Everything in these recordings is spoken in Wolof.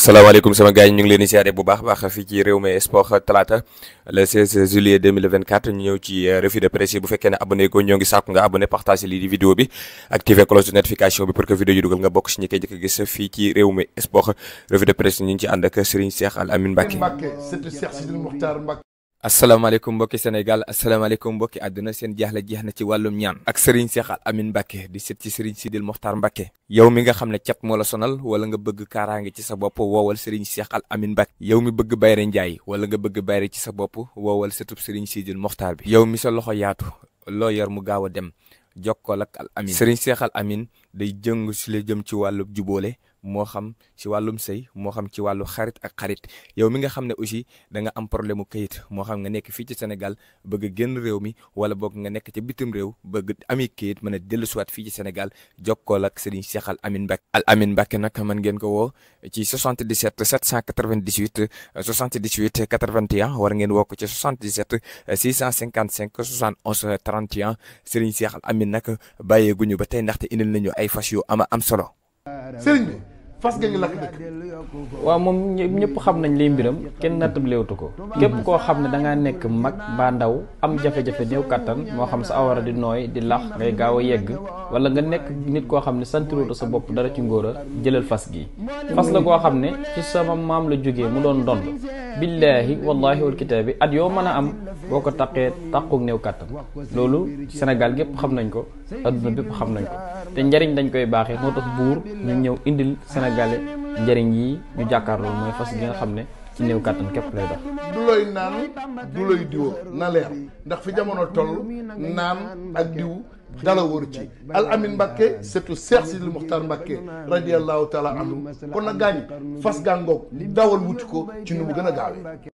salaamaaleykum sama gars yi ñu ngi leen di siyaare bu baax baax fii ci Rewmi Sport talaata le 16 juillet 2024 ñu ñëw ci euh, revue de presse yi bu fekkee ne abonné ko ñoo ngi sàkku nga abonné partage lii di vidéo bi activer cloche de notification bi pour que vidéo yi nga bokk si ñi koy jëkk gis fii ci Rewmi Sport revue de presse ñu ngi ànd ak Serigne Cheikh Al Amin Mbacké asalaamaaleykum mbokki Sénégal asalaamaaleykum mbokki àdduna seen jaaxle jeex na ci wàllum ñaan ak sëriñ Cheikh Al Amine Mbacke di set ci Serigne Sidil Mokhtar Mbacke yow mi xam ne cat moo la sonal wala nga bëgg kaaraange ci sa bopp woowal Serigne Cheikh Al Amine yow mi bëgg bayre njaay wala nga bëgg bayre ci sa bopp woowal setub Serigne Sidil Mokhtar bi yow mi sa loxo yaatu loo yor mu gaaw a dem jokkool ak Al Amine Serigne Cheikh day jëng si la jëm ci wàllu juboole moo xam ci wàllum sëy moo xam ci wàllu xarit ak xarit yow mi nga xam ne aussi da nga am problème mu kayit moo xam nga nekk fii ci Sénégal bëgg génn réew mi wala boog nga nekk ci bitim réew bëgg ami kayit mën a dellu siwaat fii ci Sénégal jokkool ak Serigne Cheikh Al Amin Mbacke Al Amin Mbacke nag mën ngeen ko woo ci 77 798 78 81 war ngeen woo ko ci 77 655 71 31 Serigne Cheikh Al Amin nag bàyyeeguñu ba tey ndaxte indil nañu ay fas yu ama am solo. fas ga ngi lakk dëkk waaw moom ñëpp xam nañ lay mbiram kenn nattab léewtu ko képp koo xam ne dangaa nekk mag baa ndaw am jafe-jafe néew kattan moo xam sa awara di nooy di lax ngay gaaw a yegg wala nga nekk nit koo xam ne santirooto sa bopp dara ci ngóor a jëlal fas gi fas la koo xam ne ci sama maam la jógee mu doon dond billaahi wallaahi wal kitaabi at yoo mën a am boo ko taqee taquk néew kattan loolu Sénégal gépp xam nañ ko adduna bépp xam nañ te njariñ dañ koy baaxee moo tax buur ñu ñëw indil sénégalais njariñ yi ñu jàkkaarloo mooy fas gi nga xam ne ci néew kàttan képp lay dox du lay naan du lay diwoo na leer ndax fi jamono toll naan ak diw dala wóor ci al amin mbàkke surtout seex si li muxtaar mbàkke radiallahu taala anhu kon na gaañ fas gaa ngoog dawal wuti ko ci nu bu gën a gaawee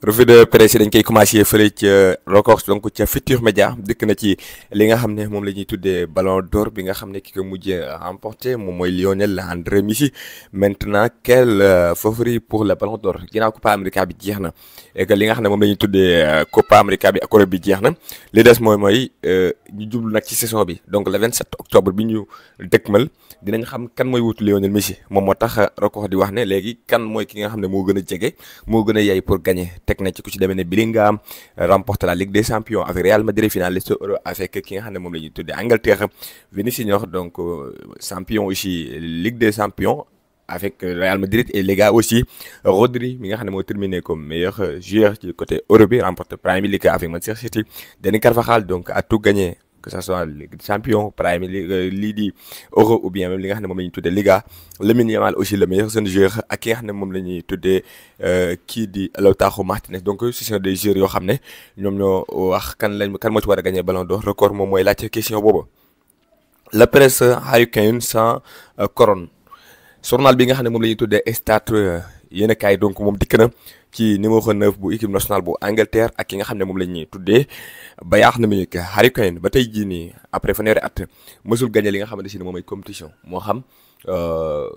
revue de presse dañ koy commencé fële ca record donc ca Futur Média dëkk na ci li nga xam ne moom la ñuy tuddee ballon door bi nga xam ne ki ko mujjee remporté moom mooy Lionel André Messi maintenant quel euh, favori pour le ballon d'or ginnaaw Copa America bi jeex na li nga xam ne moom la tuddee euh, Copa America bi bi jeex na li des mooy mooy euh, ñu jublu nag ci saison bi donc le 27 octobre bi ñu dëkkmal dinañ xam kan mooy wutu Lionel Messi moom moo tax record di wax ne léegi kan mooy ki nga xam ne moo gën a jege moo gën a yay pour gagner. teg na ci ku ci demee ne Bellingham remporte la Ligue des Champions avec Real Madrid finaliste Euro avec ki nga xam ne moom la ñuy tuddee Angleterre Vinicius donc euh, champion aussi Ligue des Champions. avec Real Madrid et les aussi Rodri mi nga xam ne moo terminé comme meilleur joueur ci côté Europe bi remporte Premier League avec Manchester City Dani Carvajal donc a tout gagné que ça soit ligue champion prime euh, lii di euro ou bien li nga xam ne moom la ñuy tuddee Liga Lamine Yamal aussi le meilleur jeune joueur ak ki nga xam ne moom la ñuy tuddee euh, kii di Lautaro Martinez donc ce sont des joueurs yoo xam ne ñoom ñoo wax kan lañ kan moo war a gagné Ballon doo record moom mooy laajte question boobu. la presse Harry Kane sans euh, couronne journal bi nga xam ne moom la ñuy tuddee Stade. yéen a kaay donc moom dikk na ci numéro 9 bu équipe nationale bu Angleterre ak ki nga xam ne moom la ñuy tuddee Bayern Munich Harry Kane ba tey jii nii après fanweeri at mësul gagné li nga xamante si ne moom mooy compétition moo xam. Euh,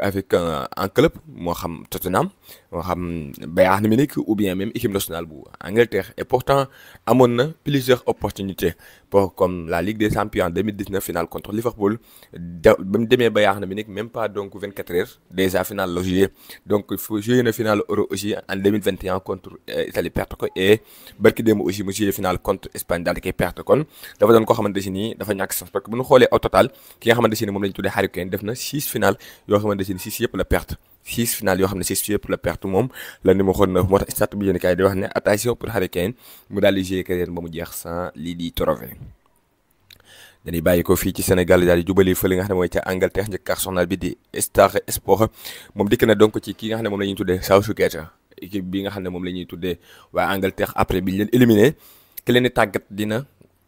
avec un, club moo xam Tottenham moo xam Bayern Munich ou bien même équipe nationale bu Angleterre et pourtant amoon na plusieurs opportunités pour comme la Ligue des Champions finale contre Liverpool da ba mu demee Bayern Munich même pas donc 24 heures déjà finale la joué donc fu na finale Euro aussi en 2021 contre euh, Italie perte ko et barki démb aussi mu joué finale contre Espagne daal di koy perte kon dafa doon koo xamante si nii dafa ñàkk sax parce que bu ñu xoolee au xamante ne six yëpp la perte six final yoo xam ne six yëpp la perte moom la numéro 9 moo tax stat bi yéen kaay di wax ne attention pour Harry Kane mu daal di jeex sans lii di trophée dañuy bàyyi ko fii ci Sénégal daal di jubali fële nga xam ne mooy ca Angleterre njëkk ak journal moom dikk na donc ci ki nga xam ne moom la ñuy tuddee Southgate équipe bi nga xam ne moom la ñuy tuddee waa Angleterre après bi ñu leen éliminé ki leen tàggat dina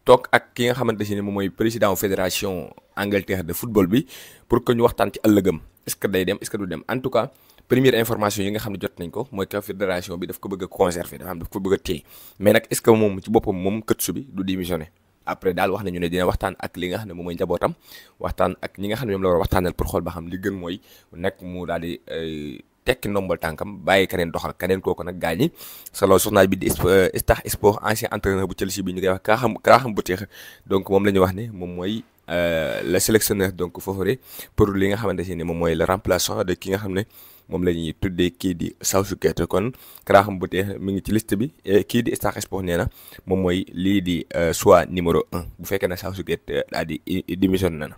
toog ak ki nga xamante ne moom mooy président fédération Angleterre de football bi pour que ñu waxtaan ci ëllëgam. est-ce que day dem est en tout cas première information yi nga xam ne jot nañ ko mooy que fédération bi daf ko bëgg a conserver dafa daf ko bëgg a téye mais nag est-ce que moom ci boppam moom këtsu bi du démissionner après daal wax nañu ne dina waxtaan ak li nga xam ne moom mooy njabootam waxtaan ak ñi nga xam ne ñoom la war a waxtaanal pour xool ba xam li gën mooy nag mu daal di euh, tekki ndombal tànkam bàyyi keneen doxal keneen kooku nag gaañi solo journal bi di euh, Star Sport ancien entraîneur bu Chelsea bi ñu koy wax Graham Graham Potter donc moom la ñu wax ne moom mooy euh, le sélectionneur donc favori pour li nga xamante ni moom mooy le remplaçant de ki nga xam ne moom la ñuy tuddee kii di Southgate kon Graham Potter mi ngi ci liste bi euh, kii di Star Sport nee na moom mooy lii di soit numéro un bu fekkee ne Southgate daal di démissionné na.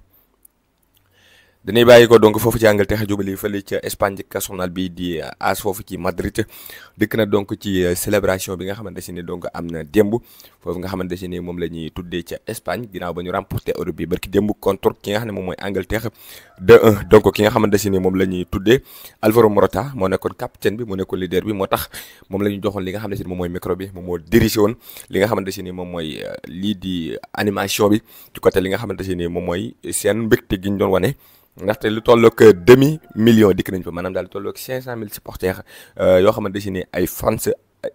dañuy bàyyi ko donc foofu ci Angleterre jubali fële ca Espagne ka journal bi di AS foofu ci Madrid dëkk na donc ci euh, célébration bi nga xamante si ne donc am na démb foofu nga xamante si ni moom la ñuy tuddee ca Espagne ginnaaw ba ñu remporté euro bi barki démb contre ki nga xam ne moom mooy Angleterre 2 ki nga xamante si ne moom la ñuy tuddee Alvaro Morata moo nekkoon capitaine bi moo nekkoon leader bi moo tax moom la ñu joxoon li nga xamante si ne moom mooy micro bi moom moo dirigé woon li nga xamante si ne moom mooy euh, lii di animation bi ci côté li nga xamante si ni moom mooy seen gi ñu doon wane ndaxte lu tolloog demi million dikk nañ fa maanaam daal lu tolloog 500000 supporters euh, yoo xamante si ni ay France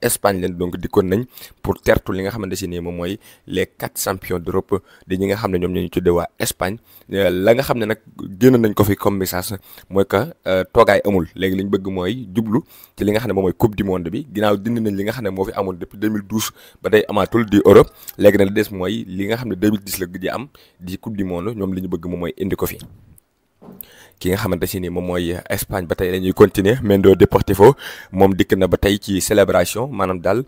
Espagne leen donc dikkoon nañ pour tertu li nga xamante si nii moom mooy les quatre champions d'Europe di ñi nga xam ne ñoom ñu tuddee waa Espagne euh, la nga xam ne nag génn nañ ko fi comme message mooy que euh, toogaay amul léegi li ñu bëgg mooy jublu ci li nga xam ne moom mooy coupe du monde bi ginnaaw dindi nañ li nga xam ne moo fi amul depuis 2012 ba day amaatul di Europe léegi nag mooy li nga xam ne 2010 la gëj am di coupe du ñoom li ñu bëgg moom mooy indi ko fi. ki nga xamante si nii moom mooy Espagne ba tey dañuy continuer Mendo Deportivo moom dikk na ba tey ci célébration maanaam daal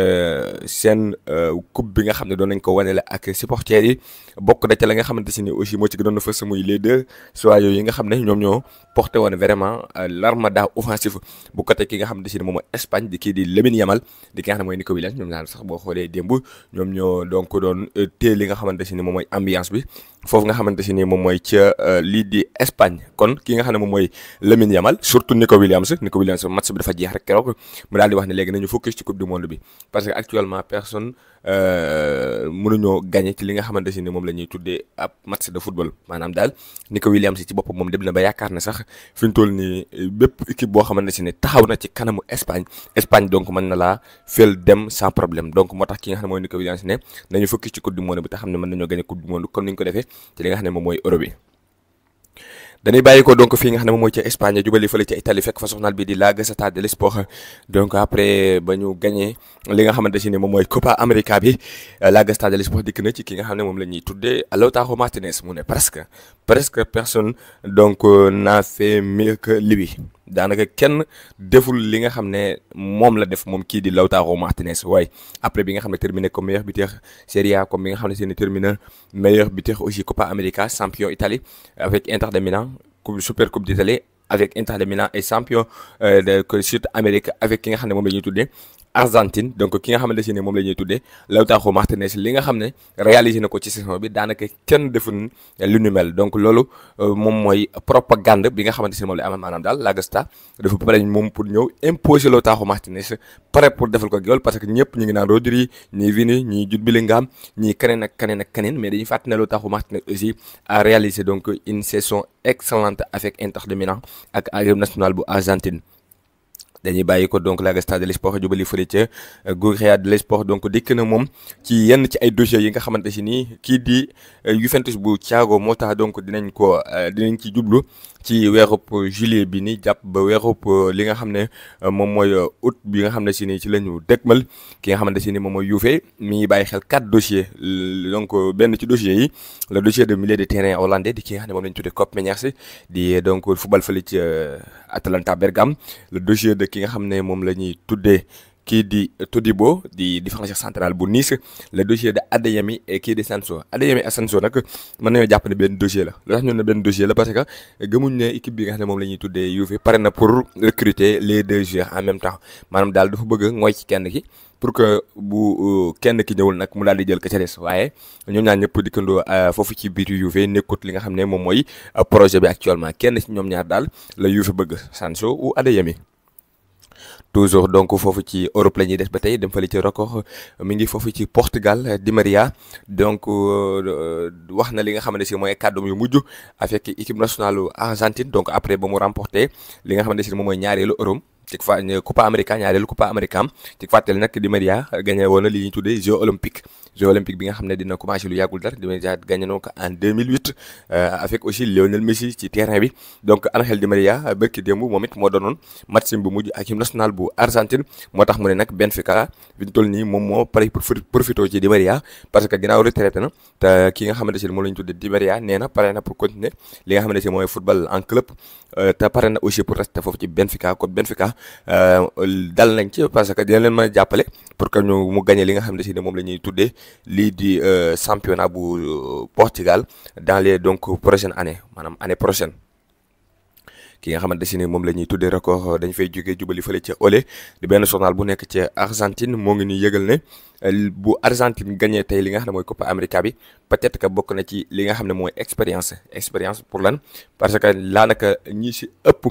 euh, seen euh, coupe bi nga xam ne doon nañ ko wane wanele ak supporters yi bokk na ca la nga xamante si ni aussi moo ci gënoon na fës muy les deux soyaux yi nga xam ne ñoom ñoo porté woon vraiment euh, l'armada offensive bu côté ki nga xamante si moom mooy Espagne di kii di Lamine Yamal di ki nga xam ñoom daal sax boo xoolee démb ñoom ñoo donc doon téye li nga xamante si ni moom mooy ambiance bi foofu nga xamante si ni moom mooy ca euh, lii di Espagne kon ki nga xam ne moom mooy Lamine Yamal surtout Nico Williams Nico Williams match bi dafa jeex rek keroog mu daal di wax ne léegi nañu focus ci coupe du monde bi parce que actuellement personne. Euh, mënuñoo gagné ci li nga xamante si ni moom la ñuy tuddee ab match de football maanaam daal Nico Williams ci boppam moom dem na ba yaakaar na sax fi ñu toll nii bépp équipe boo xamante si ne taxaw na ci kanamu Espagne Espagne donc mën na laa fel dem sans problème donc moo tax ki nga xam ne mooy Nico Williams ne nañu focus ci coupe du monde bi te xam ne mën nañoo gagné coupe du monde comme ni ñu ko defee ci li nga xam ne moom mooy euro dañuy bàyyi ko donc fi nga xam ne moom mooy ca Espagne jubali fële ca Italie fekk fa soxnaal bi di La Gazzetta dello Sport donc après ba ñu gagné li nga xamante si ni moom mooy Copa America bi La Gazzetta dello Sport dikk na ci ki nga xam ne moom la ñuy tuddee Lautaro Martinez mu ne presque presque personne donc euh, n'a fait mieux que lui daanaka kenn deful li nga xam ne moom la def moom kii di Lautaro Martinez waaye après bi nga xam ne terminé comme meilleur buteur Serie A comme bi nga xam ne seeni terminé meilleur buteur aussi Copa América champion Italie avec Inter de Milan coupe super coupe d'Italie avec Inter de Milan et champion euh, de sud Amérique avec ki nga xam ne moom la ñuy tuddee Argentine donc nga xamante moom la ñuy tuddee Lautaro Martinez li nga xam ne réalisé na ko ci saison bi kenn defuñu lu donc loolu euh, moom mooy propagande bi nga xamante ne moom la amal daal La Gasta dafa pare moom pour ñëw imposer Lautaro Martinez pare pour ko góol parce que ñëpp ñu ngi naan Rodri ñii Vini ñii Jude Bellingham ñii keneen ak keneen mais dañuy fàttali ne Lautaro Martinez aussi a réalisé donc une saison excellente avec Inter de Milan. ak aéro national bu Argentine dañuy bàyyi ko donc la stade de l'espoir jubali fële euh, donc dikk na moom ci yenn ci ay dossiers yi nga xamante si nii kii di euh, Juventus bu Thiago moo tax donc dinañ ko euh, dinañ ci jublu ci weerub juillet bi ni jàpp ba weerub li nga xam ne moom mooy août bi nga xam ne si ni ci la ñu dëgmal ki nga xamante si nii moom mooy Juve mi ngi bàyyi xel quatre dossiers donc benn ci dossiers yi le dossier de milieu de terrain hollandais di ki nga xam ne moom la ñu tuddee Koop Meniers donc football fële ci Atalanta Bergame le dossier de ki nga xam ne moom la ñuy tuddee kii di Todibo di défenseur central bu Nice le dossier de Adeyemi et kii di Sancho Adeyemi ak Sancho nag mën nañoo jàpp ne benn dossier la lu tax ñu ne benn dossier la parce que gëmuñ ne équipe bi moom la ñuy tuddee Juve pare na pour recruter les deux joueurs en même temps maanaam daal dafa bëgg ngooy ci kenn ki pour que bu euh, kenn ki ñëwul nag mu daal di jël ka ca waaye ñoom ñaar ñëpp dikkandoo euh, foofu ci biir Juve nekkut li nga xam ne moom mooy euh, projet bi actuellement kenn ci ñoom ñaar daal la Juve bëgg Sancho ou Adeyemi toujours donc foofu ci Europe la ñuy des ba tey dem fële ci record mi ngi foofu ci Portugal Di Maria donc euh, wax na li nga xamante si mooy kàddu yu mujj avec équipe nationale Argentine donc après ba mu remporté li nga xamante si moom mooy ñaareelu Euro ci fa Copa América ñaareelu Copa América ci fàttali nag Di Maria gagné woon na li ñuy tuddee Jeux olympiques jeux olympique bi nga xam ne dina commencé lu yàggul dara dina jaat gagné ko en 2008 euh, avec aussi Lionel Messi ci terrain bi donc Angel Di Maria bërki démb moom it moo doonoon match bu mujj ak équipe nationale tax mu ne nag Benfica fi ñu toll nii moom moo pare pour profito ci Di que ginnaaw ki nga xamante si Di Maria nee na pare na pour continuer li nga xamante si mooy football en club euh, te pare euh, que dina a jàppale pour que ñu mu gagné li nga xamante si ne moom la ñuy tuddee lii di euh, championnat bu euh, Portugal dans les donc prochaines années maanaam année prochaine. ki nga xamante si ni moom la ñuy tuddee record euh, dañ fay jógee jubali fële ca Olé di benn journal bu nekk ca Argentine moo ngi ñuy yëgal ne bu Argentine gagné tey li nga xam ne mooy Copa América bi peut-être que bokk na ci li nga xam ne mooy expérience expérience pour lan parce que laanaka ñii si ëpp.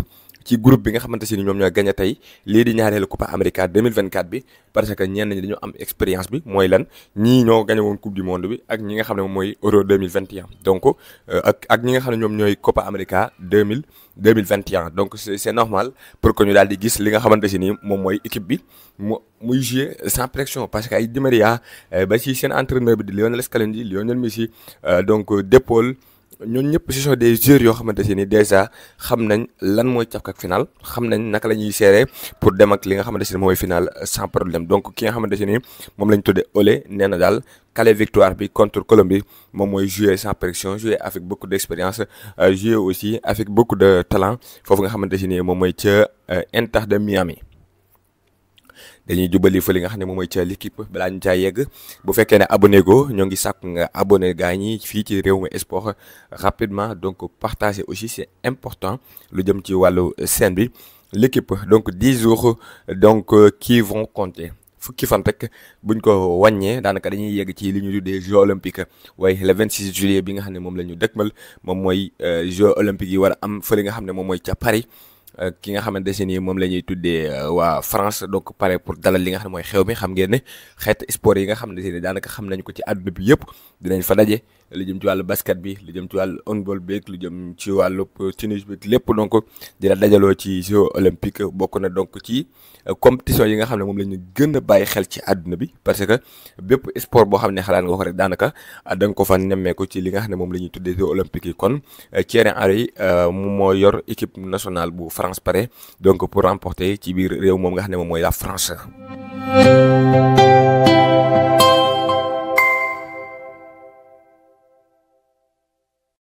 ci groupe bi nga xamante si ni ñoom ñooy gagné tey lii di ñaareelu Copa América 2024 bi parce que ñenn ñi dañoo am expérience bi mooy lan ñii ñoo gagné woon coupe du monde bi ak ñi nga xam ne moom mooy Euro 2021 donc euh, ak ak nga xam ne ñoom ñooy Copa América 2000 2021 donc c'est c'est normal pour que ñu daal di gis li nga xamante si ni moom mooy équipe bi mu muy jouer sans pression parce que ay Di euh, ba ci seen entraîneur bi di Lionel Scaloni Lionel Messi euh, donc De ñooñu ñëpp ce sont des joueurs yoo xamante ne déjà xam nañ lan mooy cafkak final xam nañ naka la ñuy seere pour dem ak li nga xamante ne mooy final sans donc ki nga xamante ne moom la tuddee Ole nee daal cale victoire bi contre Colombie moom mooy jouer sans pression jouer avec beaucoup d'expérience euh, jouer aussi avec beaucoup de talent foofu nga xamante ne moom mooy ca euh, Inter de Miami. dañuy jubali fa li nga xam ne moom mooy ca l'équipe balaa ñu caa yegg bu fekkee ne abonné go ñoo ngi sàkk nga abonné gaa ñi fii ci réew mi sport rapidement donc partager aussi c'est important lu jëm ci wàllu scène bi l'équipe donc 10 jours donc euh, qui von compter fukki fan rek buñ ko wàññee daanaka dañuy yegg ci li ñu tuddee jeux olympiques waaye le 26 juillet bi nga xam ne moom la ñu dëkkmal moom mooy euh, jeux olympiques yi war am am fële nga xam ne moom mooy ca Paris Euh, ki nga xamante ne moom la ñuy tuddee euh, waa France donc pare pour dalal li nga xam ne mooy xew mi xam ngeen ne xeet sport yi nga xamante ne daanaka xam nañ ko ci àdduna bi yëpp dinañ fa daje lu jëm ci wàllu basket bi lu jëm ci wàllu handball beeg lu jëm ci wàllu euh, tennis lépp donc dina ci jeux olympique bokk na donc ci compétition yi nga xam ne moom la ñu gën bàyyi xel ci àdduna bi parce que bépp sport boo xam ne xalaat nga ko rek daanaka da nga ko fa nemmeeku ci li nga xam ne moom la ñuy tuddee jeux olympique yi kon Thierry Henry moom moo yor équipe nationale bu France pare donc pour remporter ci biir nga ne moom la France.